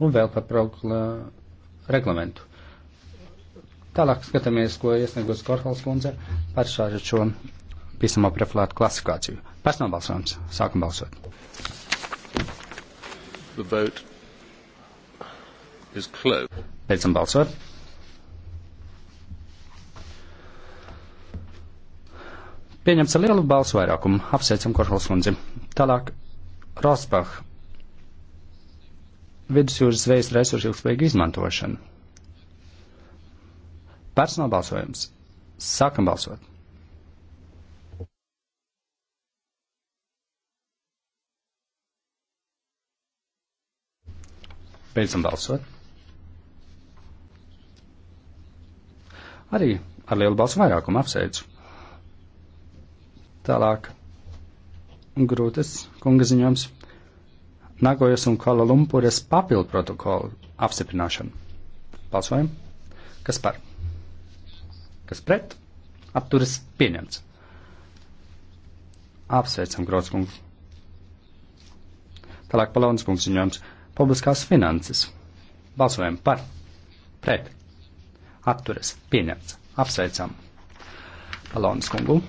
un vēl par progla reglamentu. Tālāk skatāmies, ko iesniegos Korhals kundze par šādu šo pisamo prefilātu klasifikāciju. Personāla balsojums. Sākam balsot. The vote is closed. Beidzam balsot. Pieņemts ar lielu balsu vairākumu. Apsveicam Korhals kundzi. Tālāk Rosbach vidusjūras zvejas resursu ilgspējīgu izmantošanu. Personāla balsojums. Sākam balsot. Beidzam balsot. Arī ar lielu balsu vairākumu apsveicu. Tālāk. Grūtas kunga ziņojums Nagojas un Kalalumpures papildu protokolu apstiprināšanu. Balsojam. Kas par? Kas pret? Apturas pieņemts. Apsveicam, Grotskungs. Tālāk Palaunas kungs ziņojums. Publiskās finanses. Balsojam par. Pret. Apturas pieņemts. Apsveicam. Palaunas kungu.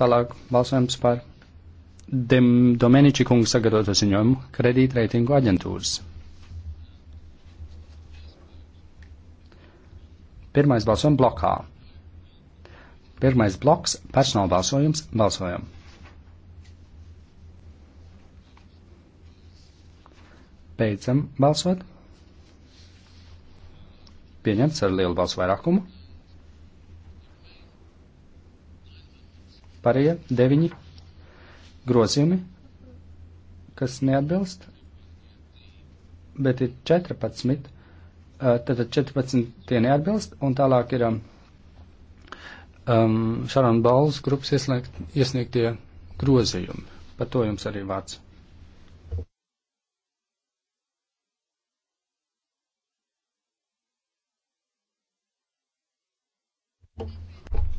Tālāk balsojums par Dem Domeniči kungu sagatavoto ziņojumu kredītreitingu aģentūras. Pirmais balsojums blokā. Pirmais bloks - personāla balsojums - balsojam. Beidzam balsot. Pieņemts ar lielu balsu vairākumu. Pārējie deviņi grozījumi, kas neatbilst, bet ir 14, tad 14 tie neatbilst, un tālāk ir um, Šarona Balzas grupas iesniegt, iesniegtie grozījumi. Par to jums arī vārds.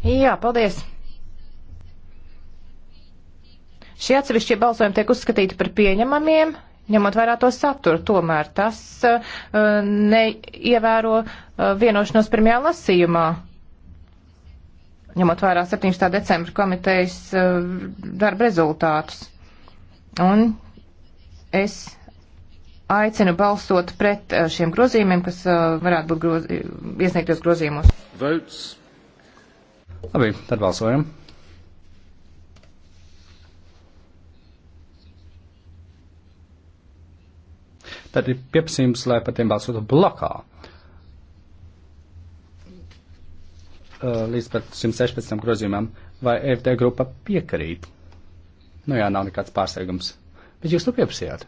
Jā, paldies! Šie atsevišķie balsojumi tiek uzskatīti par pieņemamiem, ņemot vērā to saturu, tomēr tas uh, neievēro uh, vienošanos pirmajā lasījumā. Ņemot vērā 17. decembra komitejas uh, darba rezultātus. Un es aicinu balsot pret uh, šiem grozījumiem, kas uh, varētu būt grozi, iesniegtos grozījumos. Votes. Labi, tad balsojam. Tad ir pieprasījums, lai par tiem balsotu blokā. Līdz pat 116 grozījumam. Vai e FD grupa piekrīt? Nu jā, nav nekāds pārsteigums. Bet jūs to pieprasījāt?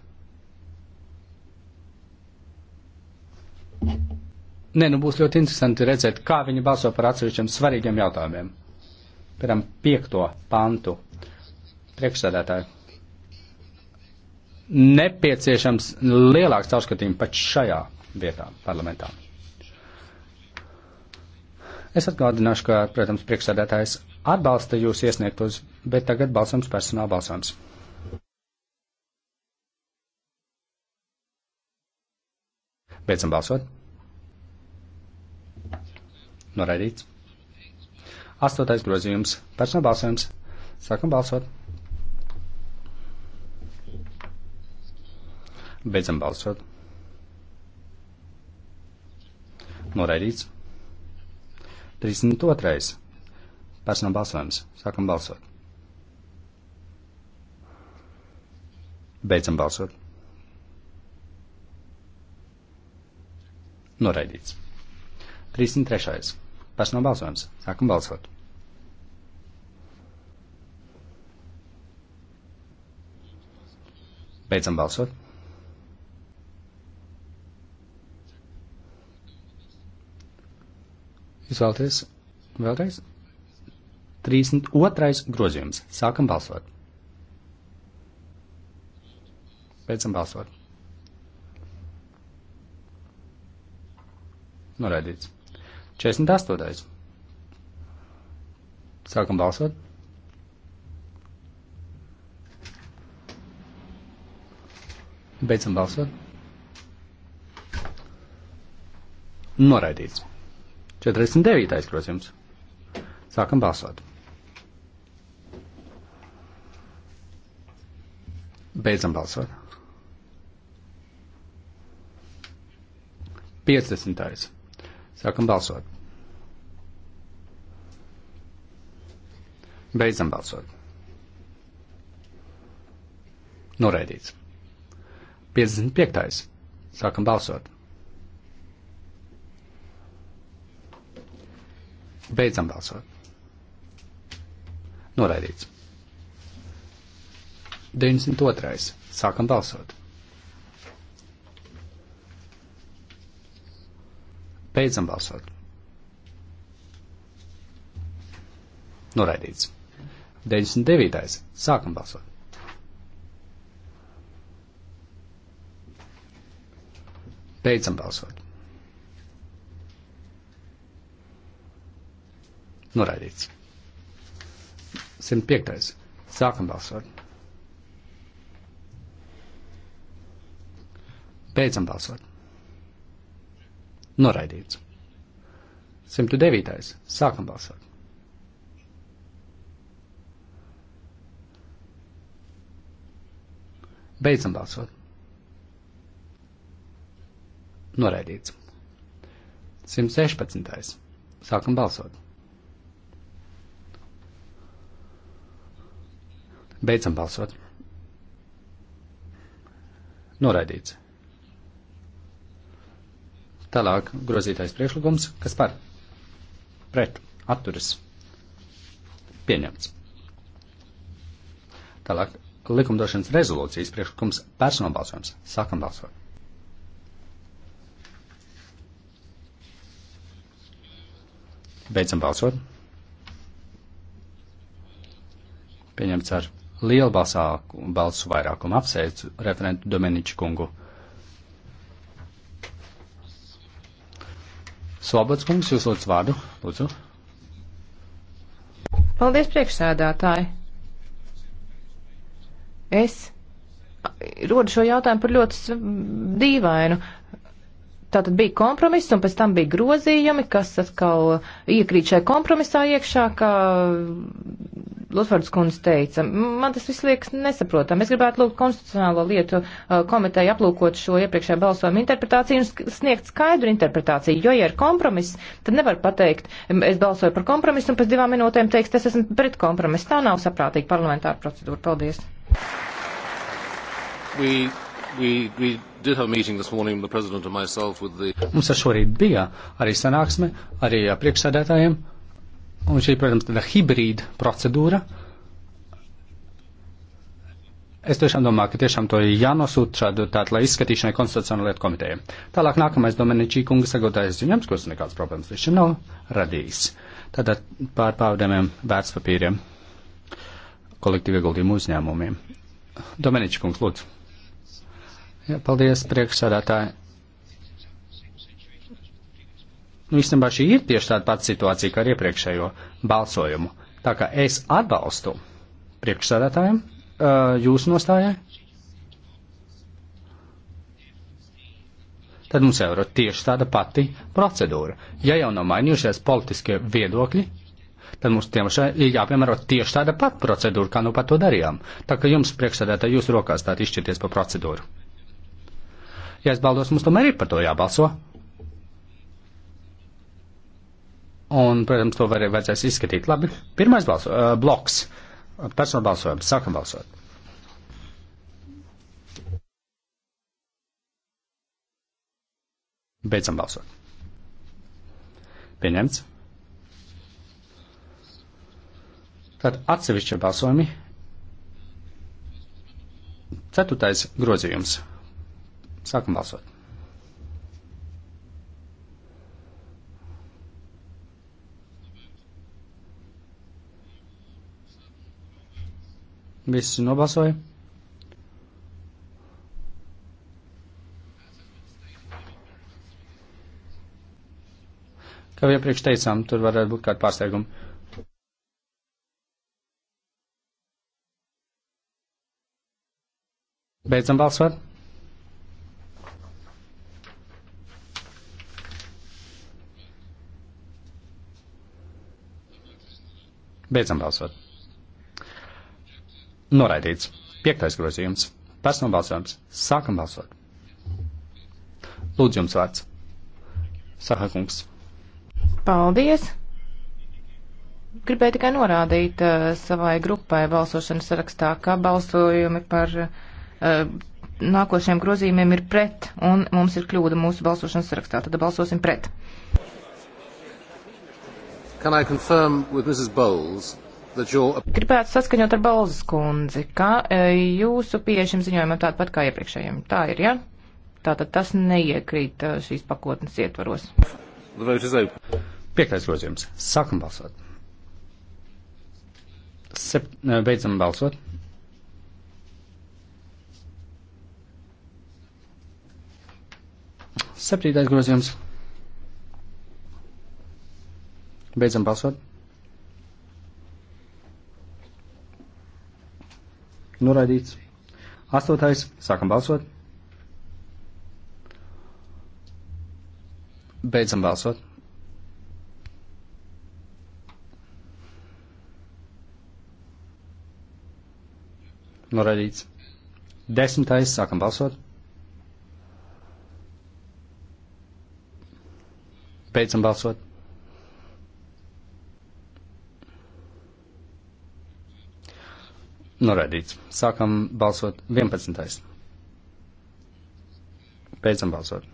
Nē, nu būs ļoti interesanti redzēt, kā viņi balso par atsevišķiem svarīgiem jautājumiem. Piemēram, piekto pantu priekšsēdētāju nepieciešams lielāks caurskatījums pat šajā vietā parlamentā. Es atgādināšu, ka, protams, priekšsēdētājs atbalsta jūs iesniegtos, bet tagad balsams personāla balsams. Beidzam balsot. Noraidīts. Astotais grozījums. Personāla balsojums. Sākam balsot. Beidzam balsot. Noraidīts. 32. Personāla balsojums. Sākam balsot. Beidzam balsot. Noraidīts. 33. Personāla balsojums. Sākam balsot. Beidzam balsot. Jūs vēlaties vēlreiz? 32. grozījums. Sākam balsot. Beidzam balsot. Noraidīts. 48. Sākam balsot. Beidzam balsot. Noraidīts. 49. grozījums. Sākam balsot. Beidzam balsot. 50. Sākam balsot. Beidzam balsot. Noraidīts. 55. Sākam balsot. Beidzam balsot. Noraidīts. 92. Sākam balsot. Beidzam balsot. Noraidīts. 99. Sākam balsot. Beidzam balsot. Noraidīts. 105. Sākam balsot. Beidzam balsot. Noraidīts. 109. Sākam balsot. Beidzam balsot. Noraidīts. 116. Sākam balsot. Beidzam balsot. Noraidīts. Tālāk grozītais priekšlikums, kas par pret atturas pieņemts. Tālāk likumdošanas rezolūcijas priekšlikums personālbalsojums. Sākam balsot. Beidzam balsot. Pieņemts ar lielu balsāku, balsu vairākumu apsveicu referentu Domeniču kungu. Slobats kungs, jūs lūdzu vārdu, lūdzu. Paldies, priekšsēdētāji. Es rodu šo jautājumu par ļoti dīvainu. Tātad bija kompromiss, un pēc tam bija grozījumi, kas atkal iekrīt šai kompromisā iekšā, kā Lutvards kundze teica. Man tas viss liekas nesaprotam. Es gribētu lūgt konstitucionālo lietu uh, komiteju aplūkot šo iepriekšējā balsojuma interpretāciju un sniegt skaidru interpretāciju, jo, ja ir kompromiss, tad nevar pateikt, es balsoju par kompromisu un pēc divām minūtēm teiks, es esmu pret kompromisu. Tā nav saprātīga parlamentāra procedūra. Paldies. We, we, we did have a meeting this morning, the president and myself with the... Mums ar šorīt bija arī sanāksme, arī uh, priekšsēdētājiem Un šī, protams, tāda hibrīda procedūra. Es tiešām domāju, ka tiešām to ir jānosūta šādu tādu, lai izskatīšanai konstitucionālajai lietu komitejai. Tālāk nākamais Domeničī kunga sagatavotais ziņojums, kurš nekādas problēmas līdz šim nav radījis. Tātad pār pārdēmiem vērtspapīriem kolektīvi ieguldījumu uzņēmumiem. Domeničī kungs, lūdzu. Jā, paldies, priekšsādātāji. Nu, īstenībā šī ir tieši tāda pati situācija kā ar iepriekšējo balsojumu. Tā kā es atbalstu priekšsādātājiem, uh, jūsu nostājai, tad mums jau ir tieši tāda pati procedūra. Ja jau nav mainījušies politiskie viedokļi, tad mums tiemšai ir jāpiemēro tieši tāda pati procedūra, kā nu pat to darījām. Tā kā jums priekšsēdētāji jūsu rokās tātad izšķirties par procedūru. Ja es baldos, mums tomēr ir par to jābalso. Un, protams, to var, vajadzēs izskatīt. Labi, pirmais balso, uh, bloks. Personāla balsojums. Sākam balsot. Beidzam balsot. Pieņemts. Tad atsevišķi balsojumi. Ceturtais grozījums. Sākam balsot. Visi nobalsoja. Kā jau iepriekš teicām, tur varētu būt kāda pārsteiguma. Beidzam balsot. Beidzam balsot. Noraidīts. Piektais grozījums. Personāla balsojums. Sākam balsot. Lūdzu, jums vārds. Saka kungs. Paldies! Gribēju tikai norādīt uh, savai grupai balsošanas sarakstā, ka balsojumi par uh, nākošiem grozījumiem ir pret, un mums ir kļūda mūsu balsošanas sarakstā. Tad balsosim pret. Can I confirm with Mrs. Bowles Gribētu saskaņot ar Balzas kundzi, ka e, jūsu pieejašiem ziņojumam tāda pat kā iepriekšējiem. Tā ir, ja? Tātad tas neiekrīt e, šīs pakotnes ietvaros. Piektais grozījums. Sākam balsot. Sep... E, beidzam balsot. Septītais grozījums. Beidzam balsot. Noraidīts. Astotais. Sākam balsot. Beidzam balsot. Noraidīts. Desmitais. Sākam balsot. Beidzam balsot. Noraidīts. Nu, Sākam balsot 11. Beidzam balsot.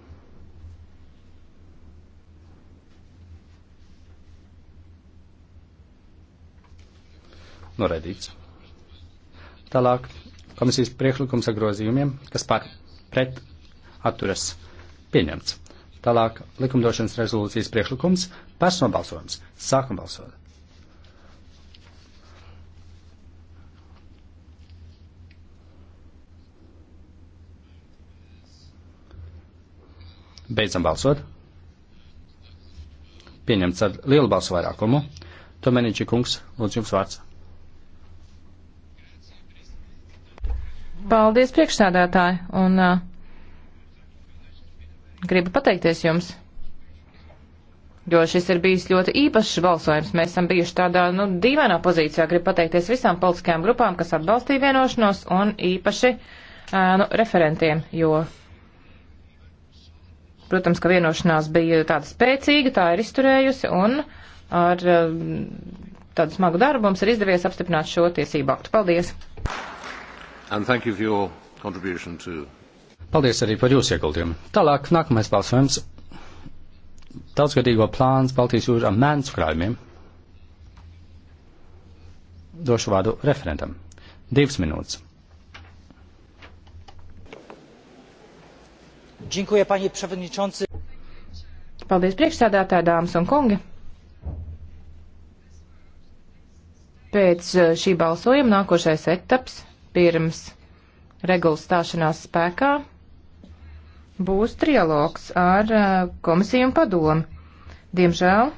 Noraidīts. Nu, Tālāk komisijas priekšlikums ar grozījumiem, kas par pret atturas pieņemts. Tālāk likumdošanas rezolūcijas priekšlikums personāla balsojums. Sākam balsot. Beidzam balsot. Pieņemts ar lielu balsu vairākumu. Tomēniķi kungs, lūdzu jums vārds. Paldies priekšsēdētāji un uh, gribu pateikties jums jo šis ir bijis ļoti īpašs balsojums. Mēs esam bijuši tādā, nu, dīvainā pozīcijā. Gribu pateikties visām politiskajām grupām, kas atbalstīja vienošanos un īpaši, uh, nu, referentiem, jo Protams, ka vienošanās bija tāda spēcīga, tā ir izturējusi un ar um, tādu smagu darbu mums ir izdevies apstiprināt šo tiesību aktu. Paldies! You to... Paldies arī par jūsu ieguldījumu. Tālāk, nākamais balsojums. Daudzgadīgo plāns Baltijas jūrā mēnesu krājumiem. Došu vārdu referentam. Divas minūtes. Paldies priekšsādātāji, dāmas un kungi! Pēc eh, šī balsojuma nākošais etaps pirms regulas stāšanās spēkā būs trialogs ar eh, komisiju un padomu. Diemžēl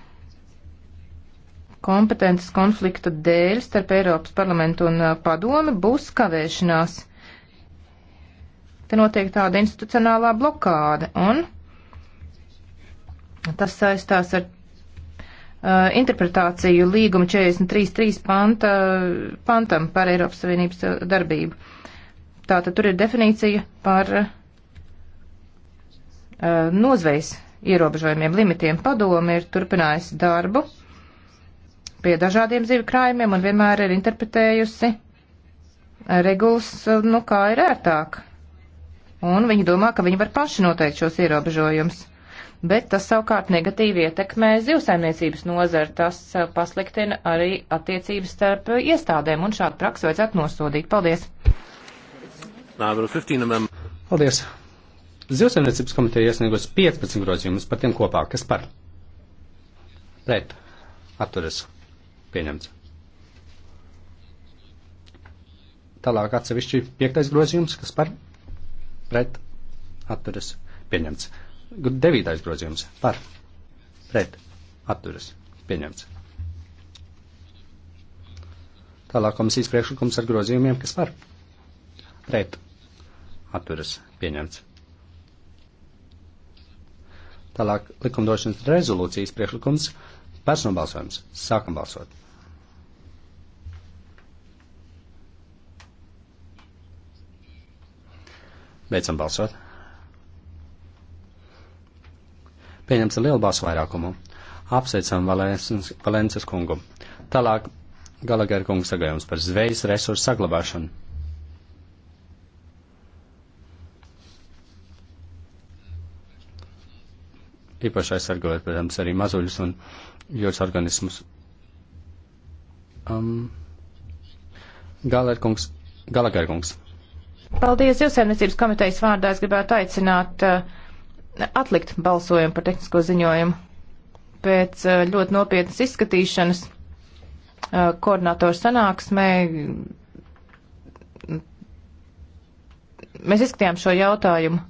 kompetences konflikta dēļ starp Eiropas parlamentu un eh, padomi būs kavēšanās. Te notiek tāda institucionālā blokāde, un tas saistās ar Uh, interpretāciju līguma 43.3 panta, pantam par Eiropas Savienības uh, darbību. Tātad tur ir definīcija par uh, nozvejas ierobežojumiem, limitiem. Padomi ir turpinājusi darbu pie dažādiem zivju krājumiem un vienmēr ir interpretējusi regulas, uh, nu kā ir ērtāk un viņi domā, ka viņi var paši noteikt šos ierobežojumus. Bet tas savukārt negatīvi ietekmē zivsaimniecības nozari, tas eh, pasliktina arī attiecības starp eh, iestādēm, un šādu praksu vajadzētu nosodīt. Paldies! Paldies! Zivsaimniecības komiteja iesniegos 15 grozījumus par tiem kopā, kas par pret atturas pieņemts. Tālāk atsevišķi piektais grozījums, kas par pret pret, atturas, pieņemts. Devītais grozījums par, pret, atturas, pieņemts. Tālāk komisijas priekšlikums ar grozījumiem, kas par, pret, atturas, pieņemts. Tālāk likumdošanas rezolūcijas priekšlikums personbalsojums. Sākam balsot! Beidzam balsot. Pieņemts ar lielu balsu vairākumu. Apsveicam Valences kungu. Tālāk Galagēra kungu sagājums par zvejas resursu saglabāšanu. Īpaši aizsargājot, protams, arī mazuļus un jūras organismus. Um, Galagēra kungs, Paldies Zivsēmniecības komitejas vārdā. Es gribētu aicināt uh, atlikt balsojumu par tehnisko ziņojumu. Pēc uh, ļoti nopietnas izskatīšanas uh, koordinātoru sanāksmē mēs izskatījām šo jautājumu.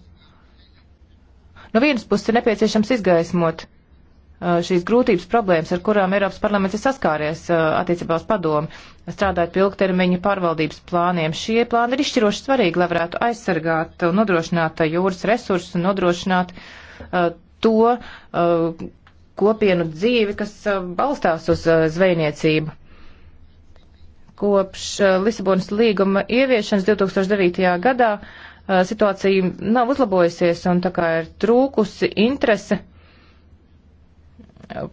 No vienas puses ir nepieciešams izgaismot Uh, šīs grūtības problēmas, ar kurām Eiropas parlaments ir saskāries uh, attiecībā uz padomu, strādājot pie ilgtermiņa pārvaldības plāniem. Šie plāni ir izšķiroši svarīgi, lai varētu aizsargāt un nodrošināt uh, jūras resursus un nodrošināt uh, to uh, kopienu dzīvi, kas uh, balstās uz zvejniecību. Kopš Lisabonas līguma ieviešanas 2009. gadā situācija nav uzlabojusies un tā kā ir trūkusi interese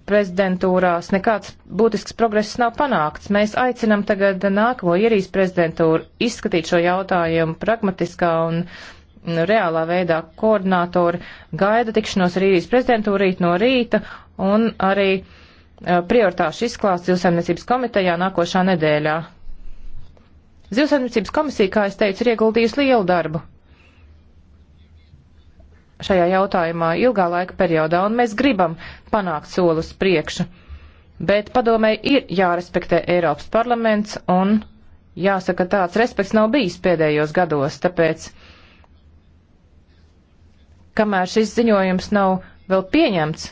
prezidentūrās nekāds būtisks progress nav panākts. Mēs aicinam tagad nākamo ierīs prezidentūru izskatīt šo jautājumu pragmatiskā un nu, reālā veidā. Koordinātori gaida tikšanos ar īrijas prezidentūru rīt no rīta un arī prioritāšu izklāsts Zilsaimniecības komitejā nākošā nedēļā. Zilsaimniecības komisija, kā es teicu, ir ieguldījusi lielu darbu šajā jautājumā ilgā laika periodā, un mēs gribam panākt solus priekšu. Bet padomē ir jārespektē Eiropas parlaments, un jāsaka, tāds respekts nav bijis pēdējos gados, tāpēc, kamēr šis ziņojums nav vēl pieņemts,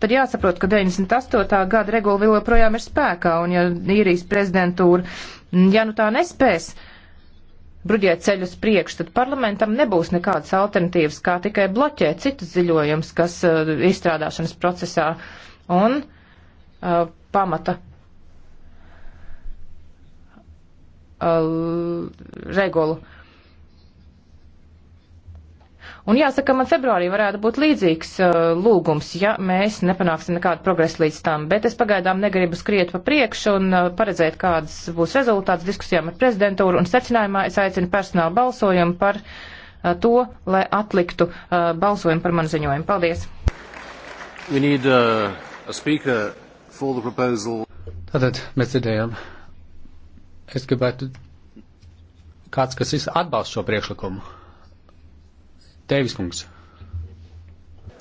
tad jāsaprot, ka 98. gada regula vēl joprojām ir spēkā, un ja īrijas prezidentūra, ja nu tā nespēs, uh, bruģēt ceļu uz priekšu, tad parlamentam nebūs nekādas alternatīvas, kā tikai bloķēt citus ziļojumus, kas uh, izstrādāšanas procesā un uh, pamata uh, regulu. Uh, Un jāsaka, man februārī varētu būt līdzīgs uh, lūgums, ja mēs nepanāksim nekādu progresu līdz tam, bet es pagaidām negribu skriet pa priekšu un uh, paredzēt, kādas būs rezultāts diskusijām ar prezidentūru, un secinājumā es aicinu personālu balsojumu par uh, to, lai atliktu uh, balsojumu par manu ziņojumu. Paldies! We need, uh, a speaker for the proposal. Tātad mēs dzirdējām. Es gribētu kāds, kas atbalsta šo priekšlikumu. Tēvis kungs.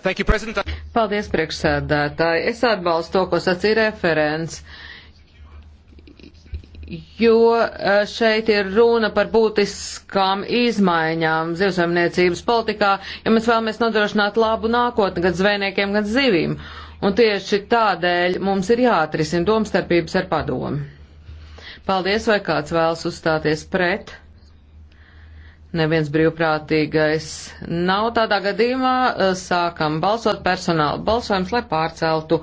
You, Paldies, priekšsēdētāji. Es atbalstu to, ko sacīja referents jo eh, šeit ir runa par būtiskām izmaiņām zivsaimniecības politikā, ja mēs vēlamies nodrošināt labu nākotni gan zvejniekiem, gan zivīm. Un tieši tādēļ mums ir jāatrisina domstarpības ar padomu. Paldies, vai kāds vēlas uzstāties pret? Neviens brīvprātīgais nav tādā gadījumā. Eh, sākam balsot personāla balsojums, lai pārceltu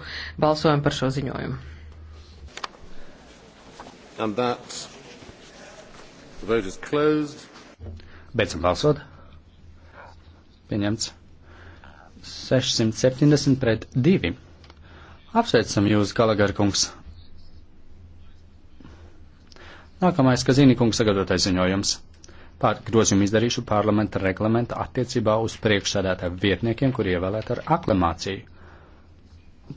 balsojumu par šo ziņojumu. Beidzam balsot. Pieņemts. 670 pret 2. Apsveicam jūs, Galagar kungs. Nākamais, ka zini kungs sagatavotais ziņojums par grozījumu izdarīšu parlamenta reglamenta attiecībā uz priekšsēdētāju vietniekiem, kur ievēlēt ar aklamāciju.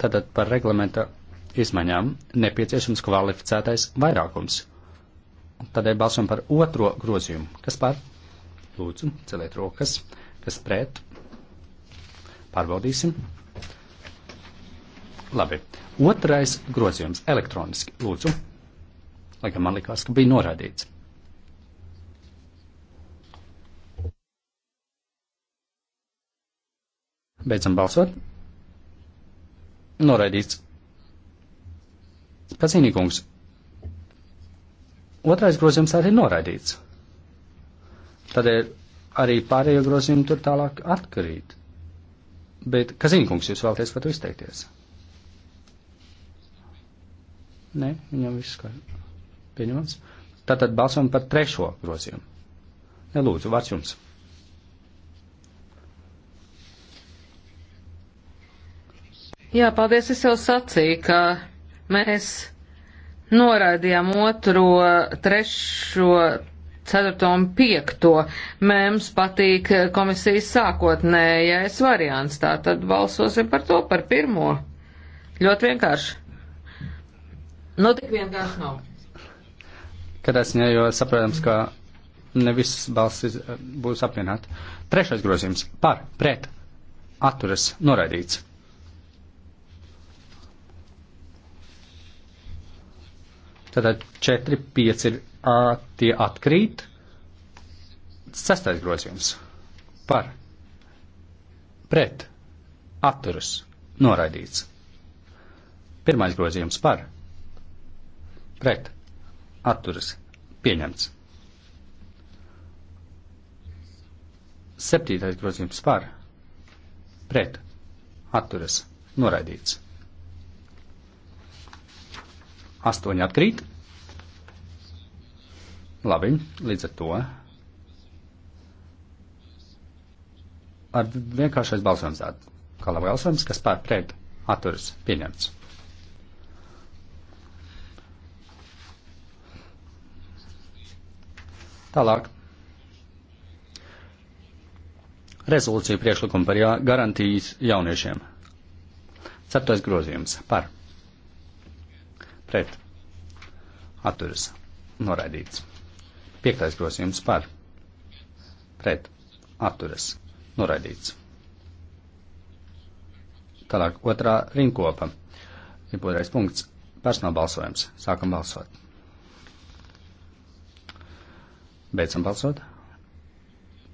Tātad par reglamenta izmaiņām nepieciešams kvalificētais vairākums. Tādēļ balsojam par otro grozījumu. Kas par? Lūdzu, celiet rokas. Kas pret? Pārbaudīsim. Labi. Otrais grozījums elektroniski. Lūdzu. Lai gan man likās, ka bija norādīts. Beidzam balsot. Noraidīts. Kazīnīkums. Otrais grozījums arī noraidīts. Tādēļ arī pārējo grozījumu tur tālāk atkarīt. Bet, Kazīnīkums, jūs vēlaties par to izteikties? Nē, viņam viss kā pieņemams. Tātad balsam par trešo grozījumu. Nelūdzu, vārds jums. Jā, paldies, es jau sacīju, ka mēs noraidījām otro, trešo, ceturto un piekto. Mēms patīk komisijas sākotnējais variants, tā tad balsosim par to, par pirmo. Ļoti vienkārši. Nu, tik vienkārši nav. Kādā ziņā, jo saprotams, ka ne visas balsis eh, būs apvienot. Trešais grozījums - par, pret, atturas, noraidīts. Tātad 4, 5 ir a, tie atkrīt. Sestais grozījums par pret atturas noraidīts. Pirmais grozījums par pret atturas pieņemts. Septītais grozījums par pret atturas noraidīts. Astoņi atkrīt. Labi, līdz ar to. Ar vienkāršais balsojums tādu. Kā labi balsojums, kas pār pret atturas pieņemts. Tālāk. Rezolūcija priekšlikuma par garantijas jauniešiem. Ceturtais grozījums par pret atturas noraidīts. Piektais grozījums par pret atturas noraidīts. Tālāk otrā rinkopa. Ir otrais punkts. Personāla balsojums. Sākam balsot. Beidzam balsot.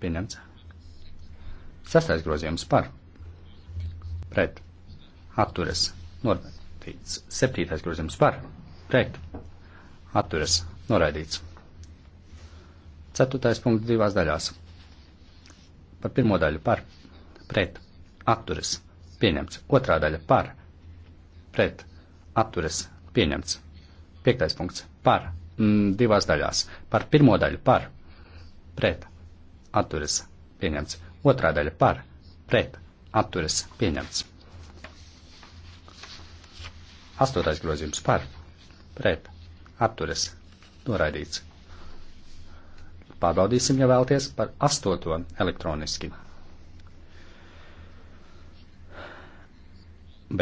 Pieņemts. Sastais grozījums par pret atturas noraidīts noraidīts. Septītais grozījums par, pret, atturas, noraidīts. Ceturtais punkts divās daļās. Par pirmo daļu par, pret, atturas, pieņemts. Otrā daļa par, pret, atturas, pieņemts. Piektais punkts par, mm, divās daļās. Par pirmo daļu par, pret, atturas, pieņemts. Otrā daļa par, pret, atturas, pieņemts. Astotais grozījums par, pret, atturas, noraidīts. Pārbaudīsim, ja vēlties, par astoto elektroniski.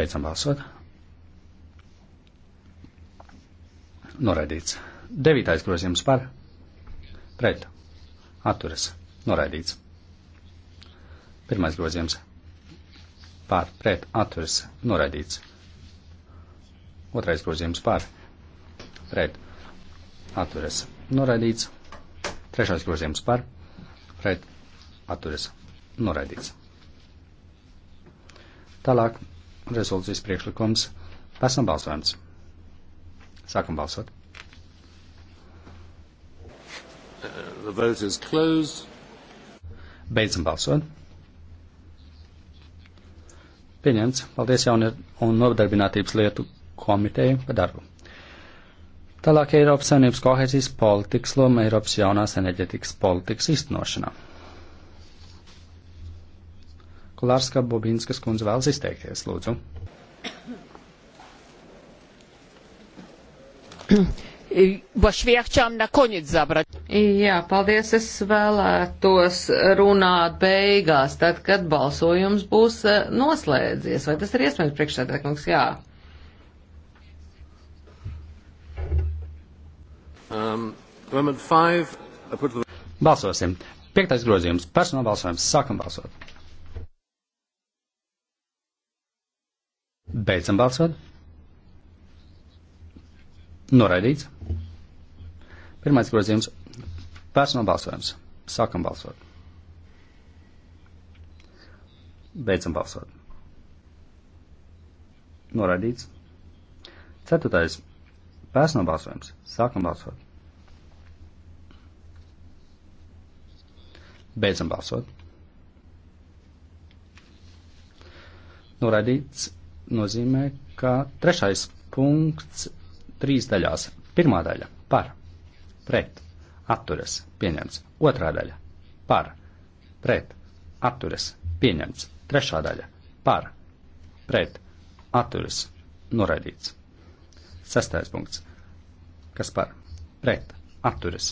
Beidzam balsot. Noraidīts. Devītais grozījums par, pret, atturas, noraidīts. Pirmais grozījums par, pret, atturas, noraidīts. Otrais grozījums par. Pret. Atturas. Noraidīts. Trešais grozījums par. Pret. Atturas. Noraidīts. Tālāk rezolūcijas priekšlikums. Pēc tam balsojums. Sākam balsot. The vote is closed. Beidzam balsot. Pieņemts. Paldies jaunu un nodarbinātības lietu komiteju par darbu. Tālāk Eiropas Savienības kohēzijas politikas loma Eiropas jaunās enerģetikas politikas iztenošanā. Kolārska Bobinskas kundze vēlas izteikties, lūdzu. Jā, paldies. Es vēlētos runāt beigās, tad, kad balsojums būs eh, noslēdzies. Vai tas ir iespējams priekšsēdētājs? Jā. Um, five, the... Balsosim. Piektais grozījums. Personāla balsojums. Sākam balsot. Beidzam balsot. Noraidīts. Pirmais grozījums. Personāla balsojums. Sākam balsot. Beidzam balsot. Noraidīts. Ceturtais Pēc nobalsojums. Sākam balsot. Beidzam balsot. Noraidīts nozīmē, ka trešais punkts trīs daļās. Pirmā daļa - par, pret, atturas, pieņemts. Otrā daļa - par, pret, atturas, pieņemts. Trešā daļa - par, pret, atturas, noraidīts. Sestais punkts. Kas par? Pret. Atturas.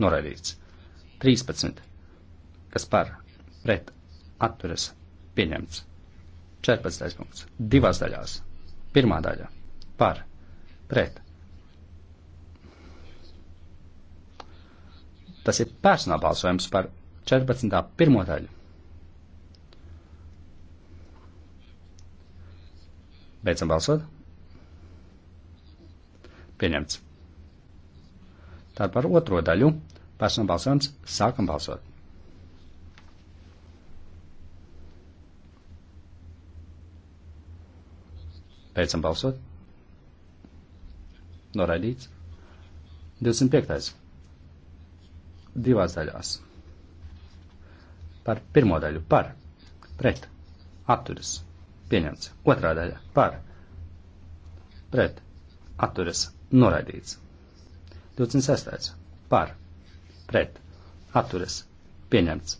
Noraidīts. 13. Kas par? Pret. Atturas. Pieņemts. 14. punkts. Divās daļās. Pirmā daļa. Par. Pret. Tas ir personāla balsojums par 14. pirmo daļu. Beidzam balsot. Pieņemts. Tad par otro daļu personu balsojums sākam balsot. Beidzam balsot. Noraidīts. 25. Divās daļās. Par pirmo daļu par, pret, atturas, pieņemts. Otrā daļa par, pret, atturas, noraidīts. 26. par, pret, atturas, pieņemts.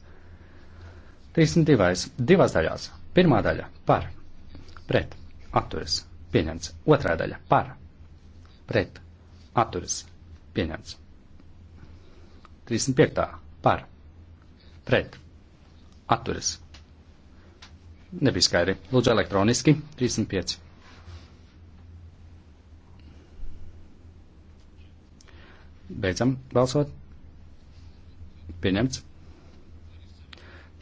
32. divās daļās. Pirmā daļa par, pret, atturas, pieņemts. Otrā daļa par, pret, atturas, pieņemts. 35. par, pret, atturas. Nebija skaidri. Lūdzu elektroniski 35. Beidzam balsot. Pieņemts.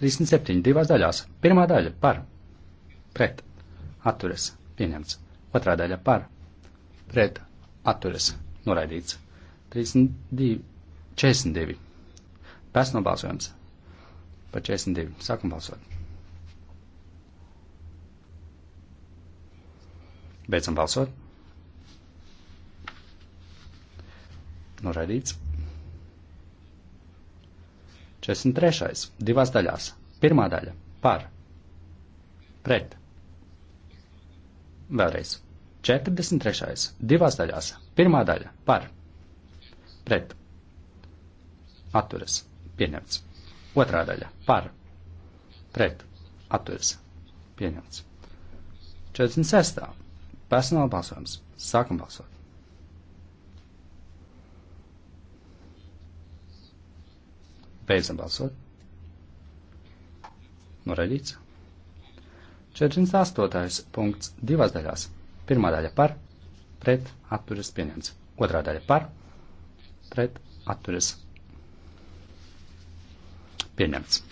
37. divās daļās. Pirmā daļa par. Pret. Atturas. Pieņemts. Otrā daļa par. Pret. Atturas. Noraidīts. 32. 42. Pēc nobalsojums. Par 42. Sākam balsot. Beidzam balsot. Noraidīts. 43. divās daļās. Pirmā daļa - par, pret. Vēlreiz. 43. divās daļās. Pirmā daļa - par, pret. Atturas. Pieņemts. Otrā daļa - par, pret. Atturas. Pieņemts. 46. Personāla balsojums. Sākam balsot. Beidzam balsot. Noraidīts. 48. punkts divās daļās. Pirmā daļa par, pret, atturas pieņemts. Otrā daļa par, pret, atturas pieņemts.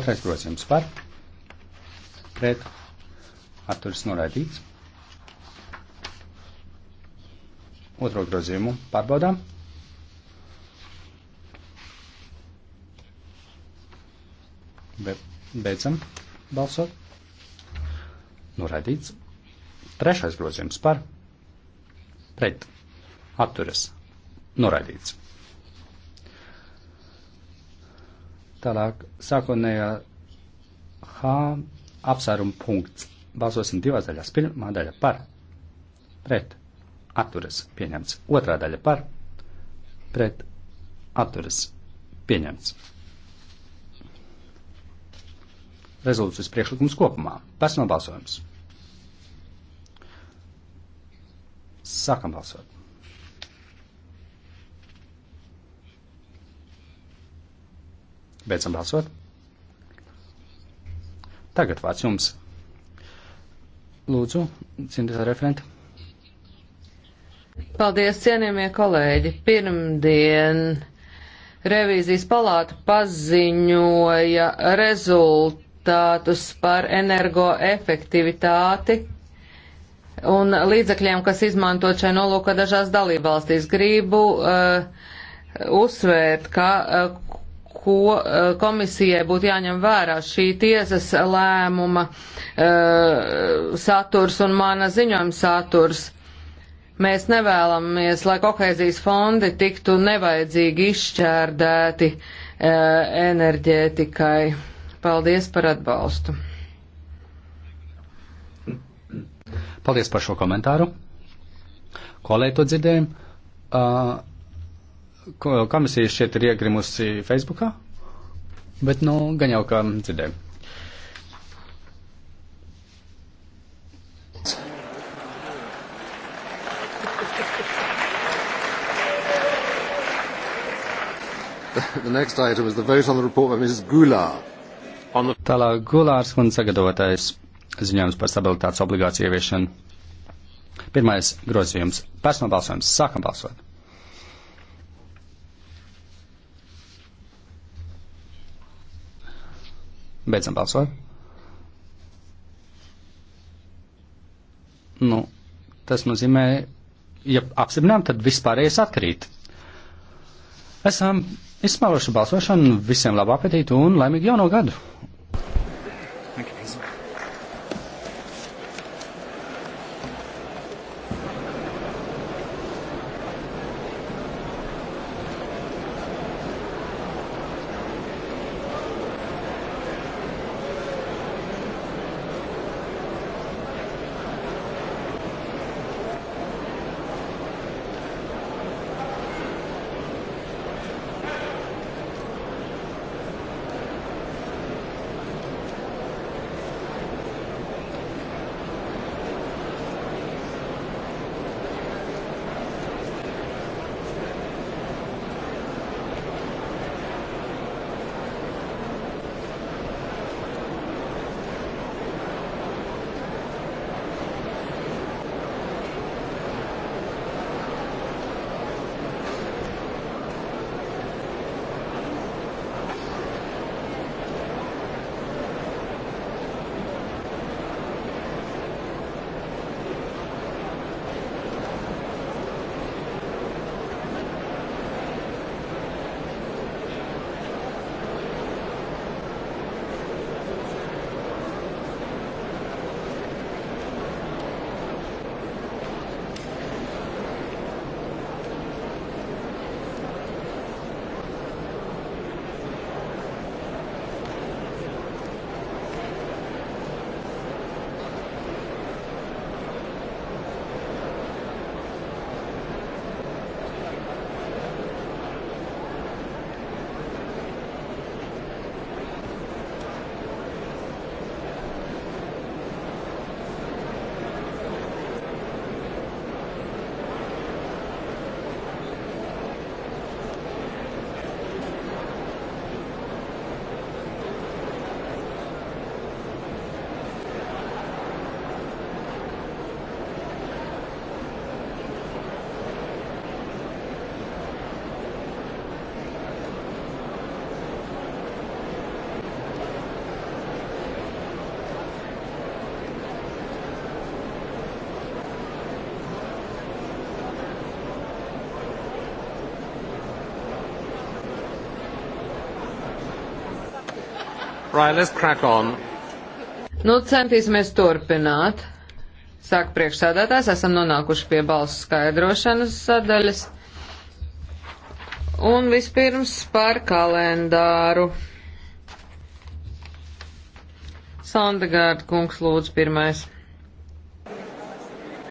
Otrais grozījums par, pret, atturas noraidīts. Otro grozījumu pārbaudām. Be beidzam balsot. Noraidīts. Trešais grozījums par. Pret. Atturas. Noraidīts. Tālāk sākotnējā H apsvērumu punkts. Balsosim divās daļās. Pirmā daļa par. Pret atturas pieņemts. Otrā daļa par pret atturas pieņemts. Rezolūcijas priekšlikums kopumā. Personāla balsojums. Sākam balsot. Beidzam balsot. Tagad vārds jums. Lūdzu, cimdētā referenta. Paldies, cienījamie kolēģi. Pirmdien revīzijas palāta paziņoja rezultātus par energoefektivitāti un līdzekļiem, kas izmantot šai nolūkā dažās dalībvalstīs. Gribu uh, uzsvērt, ka uh, ko uh, komisijai būtu jāņem vērā šī tiesas lēmuma uh, saturs un mana ziņojuma saturs. Mēs nevēlamies, lai kohēzijas fondi tiktu nevajadzīgi izšķērdēti e, enerģētikai. Paldies par atbalstu. Paldies par šo komentāru. Kolēģi to dzirdējām. Uh, komisija šeit ir iegrimusi Facebookā, bet nu gan jau kā dzirdējām. The next item is the vote on the report by Mrs. Goulard. The... Tālāk Gulārs un sagatavotais ziņojums par stabilitātes obligāciju ieviešanu. Pirmais grozījums - personāla balsojums. Sākam balsot. Beidzam balsot. Nu, tas nozīmē, ja apstiprinām, tad vispārējais atkrīt. Esam izsmēluši balsošanu, visiem labu apetītu un laimīgu jauno gadu! Thank you. Right, let's crack on. Nu, centīsimies turpināt. Saka priekšsēdētājs, esam nonākuši pie balsu skaidrošanas sadaļas. Un vispirms par kalendāru. Sandegārda kungs lūdzu pirmais.